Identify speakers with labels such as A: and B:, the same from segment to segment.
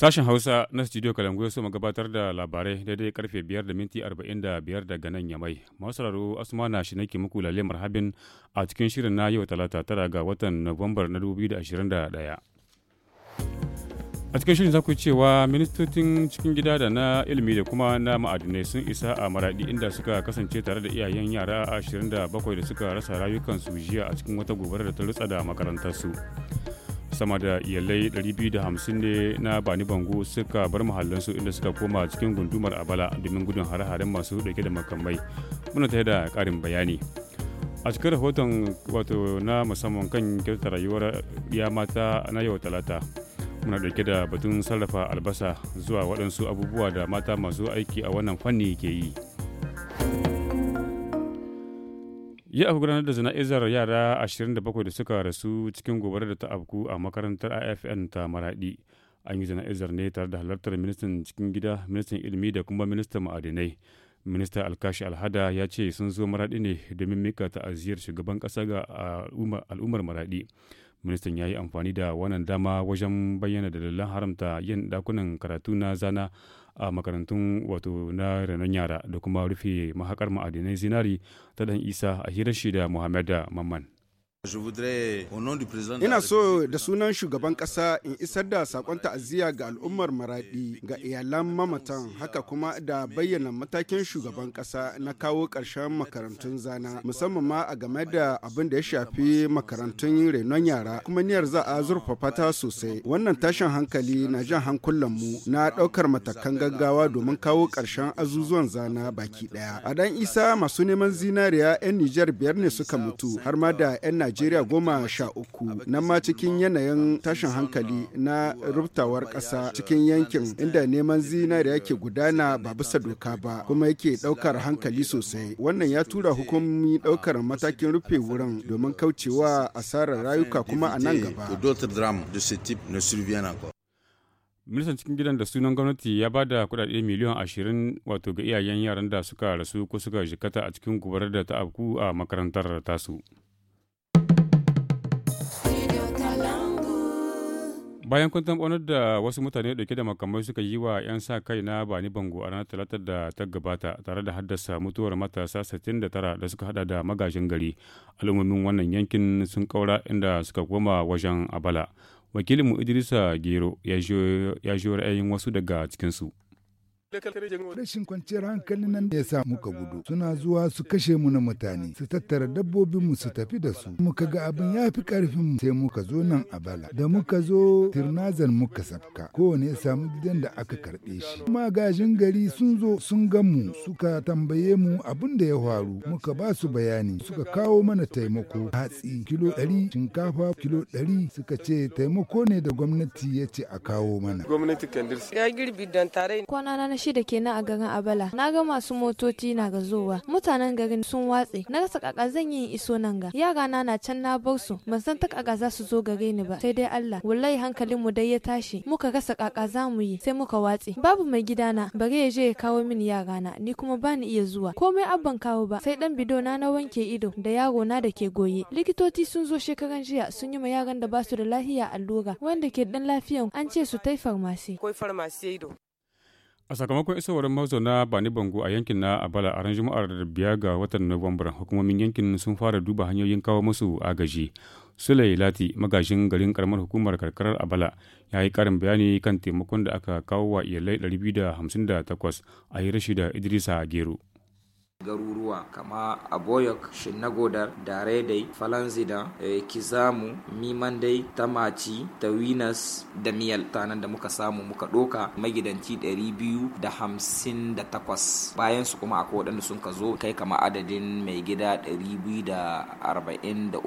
A: Sashen Hausa na Studio Kalangoyo su gabatar da labarai daidai karfe 5 da minti 45 daga nan yamai. asuma na shi nake muku lalle marhabin a cikin shirin na yau talata tara ga watan Nuwambar na 2021. A cikin shirin za cewa ministocin cikin gida da na ilimi da kuma na ma'adinai sun isa a maraɗi inda suka kasance tare da iyayen yara 27 da suka rasa rayukansu jiya a cikin wata gobara da ta rutsa da makarantarsu. su. sama da iyalai 250 ne na bani bango suka bar mahallansu inda suka koma cikin gundumar abala domin gudun hare-haren masu dauke da makamai muna tare da karin bayani a cikin rahoton wato na musamman kan kyauta rayuwar ya mata na yau talata muna dauke da batun sarrafa albasa zuwa waɗansu abubuwa da mata masu aiki a wannan fanni ke yi. Yi aka gudanar da jana'izar yara 27 da suka rasu cikin gobarar da ta afku a makarantar AFN ta Maradi. An yi jana'izar ne tare da halartar ministan cikin gida, ministan ilimi da kuma ministan ma'adinai. Minista Alkashi Alhada ya ce sun zo Maradi ne domin mika ta'aziyar shugaban ƙasa ga al'ummar Maradi. ministan ya yi amfani da wannan dama wajen bayyana dalilan haramta yin dakunan karatu na zana a makarantun wato na renon yara da kuma rufe mahakar ma'adinai zinari ta dan isa a hirar shi da muhammad mamman
B: Ina so da sunan shugaban ƙasa in isar da sakon ta'aziyya ga al'ummar Maradi ga iyalan mamatan haka kuma da bayyana matakin shugaban ƙasa na kawo ƙarshen makarantun zana musamman ma a game da abin da ya shafi makarantun renon yara kuma niyar za a zurfafa ta sosai. Wannan tashin hankali na jan hankulan mu na ɗaukar matakan gaggawa domin kawo ƙarshen azuzuwan zana baki ɗaya. A dan isa masu neman zinariya 'yan Nijar biyar ne suka mutu har ma da 'yan Najeriya goma sha uku nan ma cikin yanayin tashin hankali na rubtawar kasa cikin yankin inda neman zinare yake gudana ba bisa doka ba kuma yake ɗaukar hankali sosai. Wannan ya tura hukumomi ɗaukar matakin rufe wurin domin kaucewa asarar rayuka kuma a nan gaba.
A: ministan cikin gidan da sunan gwamnati ya ba da kudade miliyan ashirin wato ga iyayen yaran da suka rasu ko suka jikata a cikin gubarar da ta afku a makarantar tasu. bayan kun tambanar da wasu mutane dauke da makamai suka yi wa 'yan sa kai na bani bango a ranar talatar da ta gabata tare da haddasa mutuwar matasa 69 da suka hada da magajin gari al'ummomin wannan yankin sun kaura inda suka koma wajen abala wakilinmu idrisa gero ya jiyo ra'ayin wasu daga cikinsu
C: Rashin kwanciyar hankali nan ya sa muka gudu. Suna zuwa su kashe mu na mutane, su tattara dabbobin mu su tafi da su. Muka ga abin ya fi karfin mu sai muka zo nan a bala. Da muka zo tirnazan muka sabka. Kowane ya samu gidan da aka karɓe shi. Kuma gajin gari sun zo sun gan mu suka tambaye mu abin da ya faru. Muka ba su bayani suka kawo mana taimako hatsi kilo ɗari shinkafa kilo ɗari suka ce taimako ne da gwamnati ya ce a kawo mana.
A: Gwamnati Kandir. Ya girbi
D: don tare.
E: Kwana na da ke na a garin Abala. Na ga masu motoci na zowa Mutanen garin sun watse. Na rasa kaka zan yi iso nan ga. Yara na na can na bar su. Ban san ta kaka za su zo gare ni ba. Sai dai Allah. Wallahi hankalin mu dai ya tashi. Muka rasa kaka za mu yi. Sai muka watse. Babu mai gida na Bare ya je ya kawo mini yara na. Ni kuma bani iya zuwa. Komai abban kawo ba. Sai dan bido na na wanke ido da yaro na da ke goye. Likitoci sun zo shekaran jiya sun yi ma yaran da ba su da lafiya allura. Wanda ke dan lafiyan an ce su tai farmasi.
D: Koi farmasi ido.
A: a sakamakon isowar mazauna bani bango a yankin na abala a ran juma'ar da biya ga watan nuwambar hukumomin yankin sun fara duba hanyoyin kawo musu agaji sulai lati magashin garin karamar hukumar karkarar abala ya yi karin bayani kan taimakon da aka kawo wa iyalai 258 a hirashi da idrisa gero
D: garuruwa kama aboyok shinagodar dai falanzida e, eh, kizamu maci tamaci tawinas da miyal tanan da muka samu muka doka magidanci 258 bayan su kuma akwai waɗanda sun ka zo kai kama adadin mai gida 243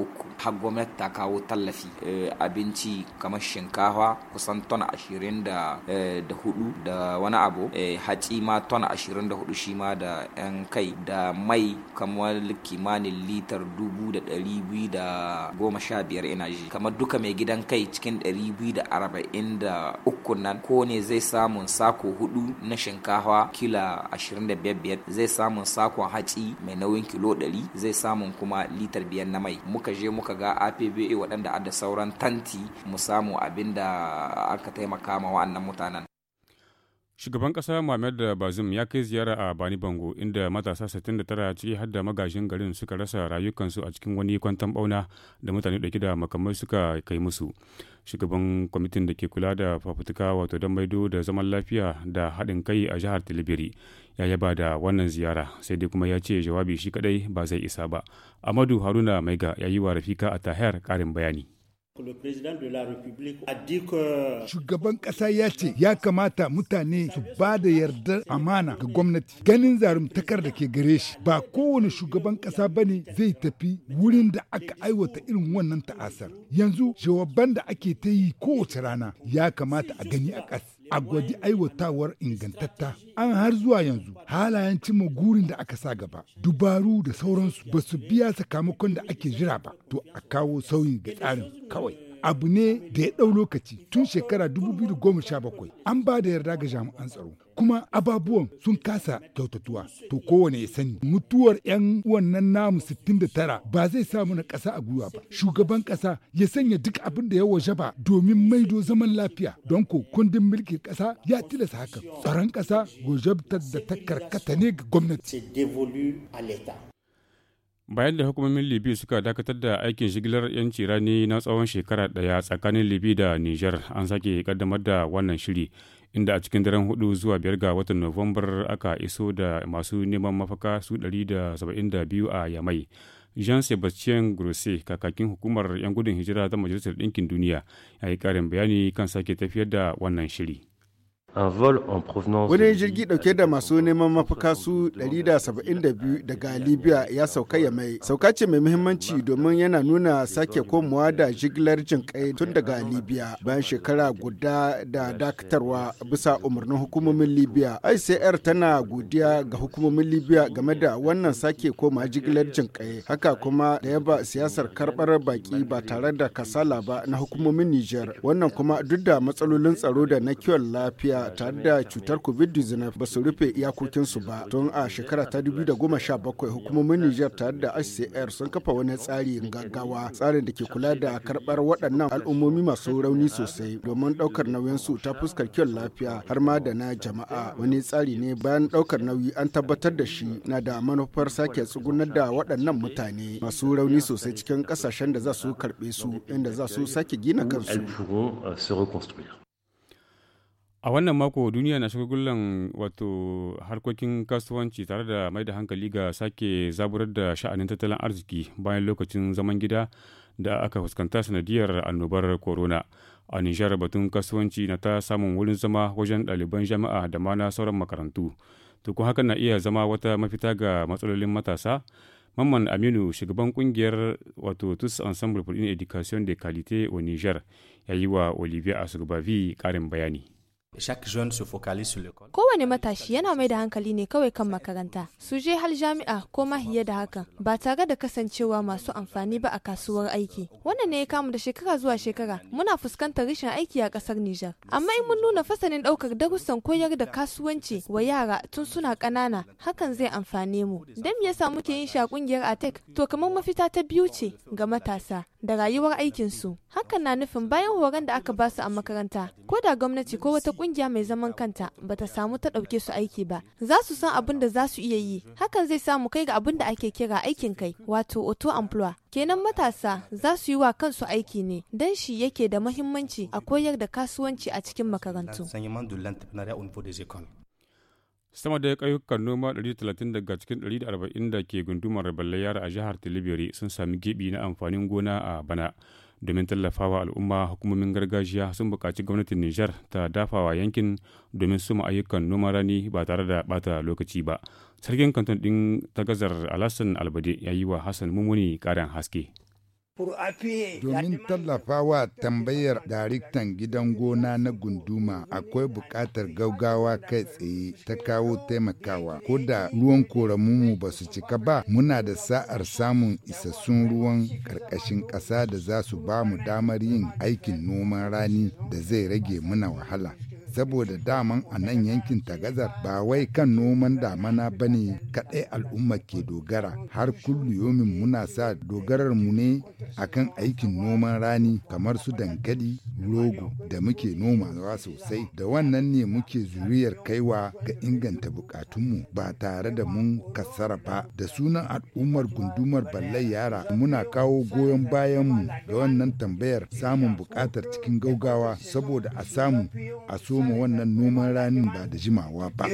D: har gwamnati ta kawo tallafi eh, abinci kamar shinkafa kusan ton 24 da, eh, da wani abu Haci hatsi ma ton 24 shi ma da 'yan kai da mai kamar kimanin litar dubu da ɗari da goma sha biyar ina ji kamar duka mai gidan kai cikin ɗari biyu da arba'in da uku nan ko ne zai samun sako hudu na shinkafa kila ashirin da biyar biyar zai samun sakon hatsi mai nauyin kilo ɗari zai samun kuma litar biyar na mai muka je muka ga apba waɗanda da sauran tanti mu samu abinda aka taimaka ma wa'annan mutanen
A: Shugaban ƙasa Mohamed Bazoum ya kai ziyara a Bani Bango inda matasa 69 ciki har da magajin garin suka rasa rayukansu a cikin wani kwantan bauna da mutane ɗauki da makamai suka kai musu. Shugaban kwamitin da ke kula da fafutuka wato don maido da zaman lafiya da haɗin kai a jihar Tilibiri ya yaba da wannan ziyara sai dai kuma ya ce jawabi shi kadai ba zai isa ba. Amadu Haruna Maiga ya yi wa Rafika a Tahir ƙarin bayani.
C: Shugaban ƙasa ya ce ya kamata mutane su ba da yardar amana ga gwamnati ganin zarumtakar da ke gare shi ba kowane shugaban ƙasa ba ne zai tafi wurin da aka aiwata irin wannan ta'asar yanzu jawaban da ake ta yi kowace rana ya kamata a gani a ƙasa. a gwaji aiwatawar ingantatta an har zuwa yanzu halayen cimma gurin da aka sa gaba dubaru da sauransu ba su biya sakamakon da ake jira ba to a kawo sauyin ga tsarin kawai abu ne da ya ɗau lokaci tun shekara 2017 an ba da yarda ga jami'an tsaro kuma ababuwan sun kasa kyautatuwa to kowane ya sani mutuwar 'yan wannan namu 69 ba zai sa mana ƙasa a gwiwa ba shugaban ƙasa ya sanya duk abin da ya waje ba domin maido zaman lafiya don ko kundin mulkin ƙasa ya tilasta haka tsaron ƙasa wajabtar da ta karkata ne ga gwamnati
A: bayan da hukumomin libi suka dakatar da aikin shigilar 'yanci rani na tsawon shekara daya tsakanin libi da niger an sake kaddamar da wannan shiri inda a cikin daren hudu zuwa biyar ga watan nuwambar aka iso da masu neman mafaka su 172 a yamai jean sebastien grosse kakakin hukumar 'yan gudun hijira ta majalisar ɗinkin duniya ya yi ƙarin bayani kan sake tafiyar da wannan shiri
B: Wani jirgi dauke da masu neman mafaka su 172 daga Libya ya sauka ya mai. Sauka ce mai muhimmanci domin yana nuna sake komawa da jigilar jin kai tun daga Libya bayan shekara guda da dakatarwa bisa umarnin hukumomin Libya. ICR tana godiya ga hukumomin Libya game da wannan sake koma jigilar jin kai. Haka kuma da yaba siyasar karbar baki ba tare da kasala ba na hukumomin Niger. Wannan kuma duk da matsalolin tsaro da na kiwon lafiya tare da cutar COVID-19 ba su rufe iyakokinsu ba tun a shekara ta 2017 hukumomin Nijar tare da HCR sun kafa wani tsari gaggawa tsarin da ke kula da karbar waɗannan al'ummomi masu rauni sosai domin ɗaukar nauyinsu ta fuskar kiwon lafiya har ma da na jama'a wani tsari ne bayan ɗaukar nauyi an tabbatar da shi na da manufar sake tsugunar da waɗannan mutane masu rauni sosai cikin ƙasashen da za su karɓe su inda za su sake gina kansu.
A: Euh, A wannan mako duniya na shagulgulan wato harkokin kasuwanci tare da mai da hankali ga sake zaburar da sha'anin tattalin arziki bayan lokacin zaman gida da aka fuskanta sanadiyar annobar corona. A Nijar batun kasuwanci na ta samun wurin zama wajen ɗaliban jami'a da ma na sauran makarantu. kun hakan na iya zama wata mafita ga matsalolin matasa. Mamman Aminu shugaban kungiyar wato Tous Ensemble pour une Education de Qualité au Niger ya yi wa Olivier Asugbavi karin bayani.
E: Kowane matashi yana mai da hankali ne kawai kan makaranta, su je hal jami'a ko mahiya da hakan, ba tare da kasancewa masu amfani ba a kasuwar aiki. Wannan ne ya kamu da shekara zuwa shekara, muna fuskantar rashin aiki a kasar Nijar. Amma in mun nuna fasalin ɗaukar darussan koyar da kasuwanci wa yara tun suna ƙanana, hakan zai amfane mu. Dan me yasa muke yin shi a ƙungiyar ATEC? To kamar mafita ta biyu ce ga matasa da rayuwar aikinsu. Hakan na nufin bayan horon da aka basu a makaranta, ko da gwamnati ko wata kungiya mai zaman kanta ba ta samu ta ɗauke su aiki ba za su san abin da za su iya yi hakan zai samu kai ga abin da ake kira aikin kai wato auto emploi kenan matasa za su yi wa kansu aiki ne dan shi yake da mahimmanci a koyar da kasuwanci a cikin makarantu
A: sama da ƙauyukan noma 130 daga cikin 140 da ke gundumar balle yara a jihar tilibiri sun sami gibi na amfanin gona a bana domin tallafawa al'umma hukumomin gargajiya sun buƙaci gwamnatin Nijar ta dafawa yankin domin suma ayyukan noman rani ba tare da bata lokaci ba. Sarkin kanton ɗin gazar Alassan Albade ya yi wa Hassan Mumuni ƙarin haske.
C: Domin tallafawa tambayar daraktan gidan gona na gunduma akwai buƙatar gaugawa kai tsaye ta kawo taimakawa. Ko da ruwan koramunmu ba su cika ba, muna da sa'ar samun isassun ruwan ƙarƙashin ƙasa da za su ba mu damar yin aikin noman rani da zai rage muna wahala. saboda daman a nan yankin ta tagazar ba wai kan noman damana ba ne kaɗai al'umma ke dogara har kulliyomin muna sa dogarar mu ne akan aikin noman rani kamar su dankali rogo da muke nomawa sosai da wannan ne muke zuriyar kaiwa ga inganta bukatunmu ba tare da mun kasara ba da sunan al'ummar gundumar ballai yara muna kawo goyon bayanmu ga wannan tambayar samun bukatar cikin gaugawa saboda a samu a so soma wannan noman ranin ba
A: da jimawa ba.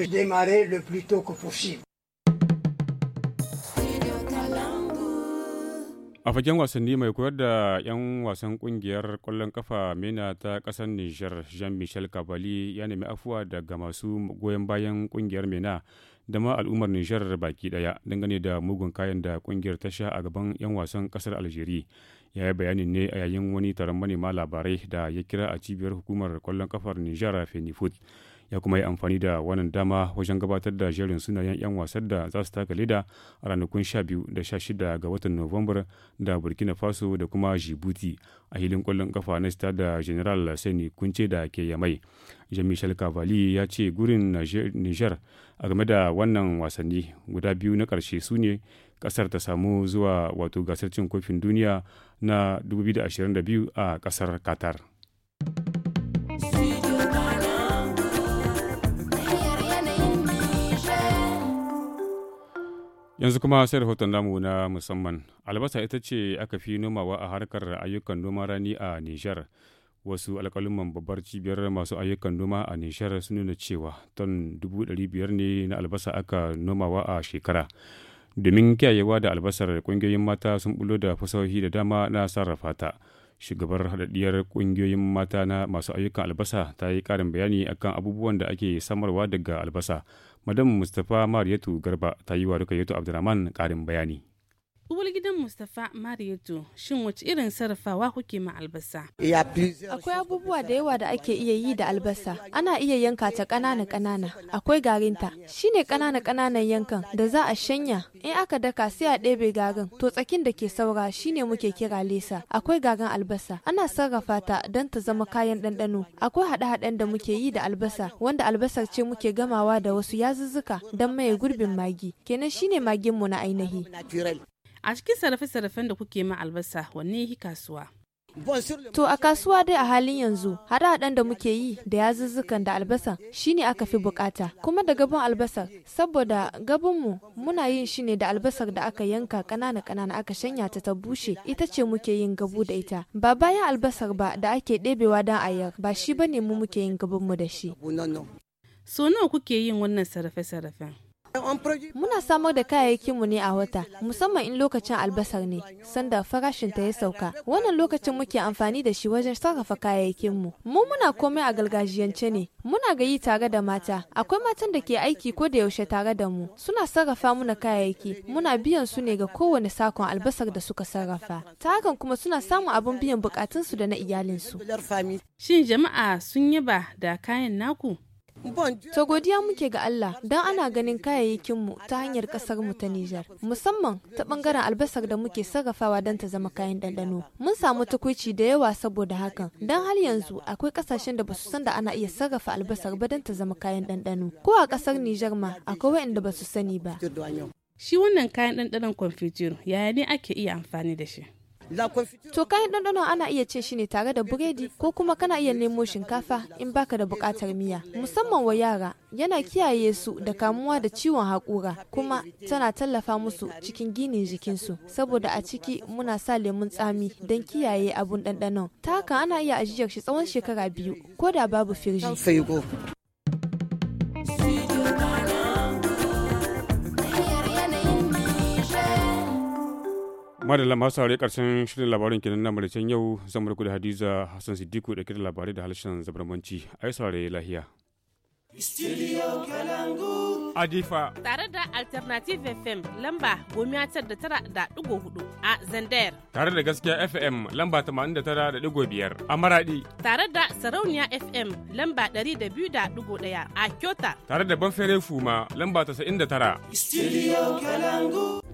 A: a fagen wasanni mai koyar da 'yan wasan kungiyar kwallon kafa mena ta ƙasar nijar jean-michel kabali ya nemi afuwa daga masu goyon bayan kungiyar mena da ma al'ummar Nijar baki daya dangane da mugun kayan da kungiyar ta sha a gaban 'yan wasan kasar Algeria. Ya yi bayanin ne a yayin wani taron manema labarai da ya kira a cibiyar hukumar kwallon kafar Nijar fenifut ya kuma yi amfani da wannan dama wajen gabatar da jerin sunayen 'yan wasan da za su taka leda a ranakun 12 da 16 ga watan Nuwambar da Burkina Faso da kuma Djibouti a hilin kwallon kafa na sita da General Seni Kunce da ke Yamai. Jean-Michel Cavalli ya ce gurin Niger a game da wannan wasanni guda biyu na ƙarshe su ne ƙasar ta samu zuwa wato gasar cin kofin duniya na 2022 a ƙasar Qatar. Yanzu kuma sai rahoton namu na musamman. Albasa ita ce aka fi nomawa a harkar ayyukan noma rani a Nijar. Wasu alkaluman babbar cibiyar masu ayyukan noma a Nijar sun nuna cewa ton biyar ne na albasa aka nomawa a shekara. Domin kiyayewa da albasar ƙungiyoyin mata sun bulo da fasahohi da dama na sarrafa ta. Shugabar haɗaɗɗiyar ƙungiyoyin mata na masu ayyukan albasa ta yi ƙarin bayani akan abubuwan da ake samarwa daga albasa. madam mustapha mariyatu garba ta yi wa rukayyatu abdulrahman ƙarin bayani
E: uwar gidan Mustapha Mariyatu shin wace irin sarrafawa kuke ma albasa? Akwai abubuwa da yawa da ake iya yi da albasa. Ana iya yanka ta ƙanana ƙanana. Akwai garinta. Shine ƙanana ƙananan yankan da za a shanya. In aka daka sai a ɗebe garin. To tsakin da ke saura shine muke kira lesa. Akwai garin albasa. Ana sarrafa ta don ta zama kayan ɗanɗano. Akwai haɗe-haɗen da muke yi da albasa wanda albasar ce muke gamawa da wasu yazuzzuka don maye gurbin magi. Kenan shine maginmu na ainihi. A cikin sarrafe-sarrafen da kuke ma albasa wanne yi kasuwa? To a kasuwa dai a halin yanzu hada-hadan da muke yi da yazuzzukan da albasa shine aka fi bukata kuma da gabon albasa saboda gabanmu muna yin shi ne da albasar da aka yanka kanana kanana aka shanya ta ta bushe ita ce muke yin gabu da ita ba bayan albasar ba da ake ɗebewa don ayar ba shi bane mu muke yin gabonmu da shi. So nawa kuke yin wannan sarrafe-sarrafen? Muna samar da kayayyakinmu ne a wata, musamman in lokacin albasar ne, sanda farashinta ya sauka. Wannan lokacin muke amfani da shi wajen sarrafa kayayyakinmu. Mu muna komai a galgajiyance ne, muna gayi tare da mata. Akwai matan da ke aiki ko da yaushe tare da mu, suna sarrafa muna kayayyaki, muna biyan su ne ga kowane sakon albasar da suka sarrafa. Ta hakan kuma suna samun abin biyan bukatunsu da na iyalinsu. Shin jama'a sun yaba da kayan naku? To godiya muke ga Allah don ana ganin kayayyakinmu ta hanyar kasar mu ta Nijar. Musamman ta ɓangaren albasar da muke sarrafawa don ta zama kayan ɗanɗano. Mun samu tukuci da yawa saboda hakan. Don har yanzu akwai ƙasashen da basu san da ana iya sarrafa albasar ba don ta zama kayan ɗanɗano. Ko a kasar Nijar ma akwai waɗanda basu sani ba. Shi wannan kayan ɗanɗanon kwamfutur yaya ne ake iya amfani da shi? To kayan ɗanɗano ana iya ce shi ne tare da buredi ko kuma kana iya nemo shinkafa in baka da buƙatar miya. Musamman wa yara yana kiyaye su da kamuwa da ciwon haƙura kuma tana tallafa musu cikin ginin jikinsu saboda a ciki muna sa lemun tsami don kiyaye abun ɗanɗanon. Ta haka ana iya ajiyar shi tsawon shekara biyu ko da babu firji.
A: madalla masu saurari karshen shirin labarin kenan na maricen yau zan da hadiza hassan siddiku da kiran labarai da halshen zabarmanci a yi saurari lahiya
E: Studio Kalangu. Adifa. Tare da Alternative FM lamba gomiya tar da tara da ɗigo hudu a Zandayar.
A: Tare da gaskiya FM lamba tamanin da tara da ɗigo biyar a Maradi.
E: Tare da Sarauniya FM lamba ɗari da biyu da ɗigo ɗaya a Kyota.
A: Tare da Banfere Fuma lamba tasa'in da tara.
E: Studio
B: Kalangu.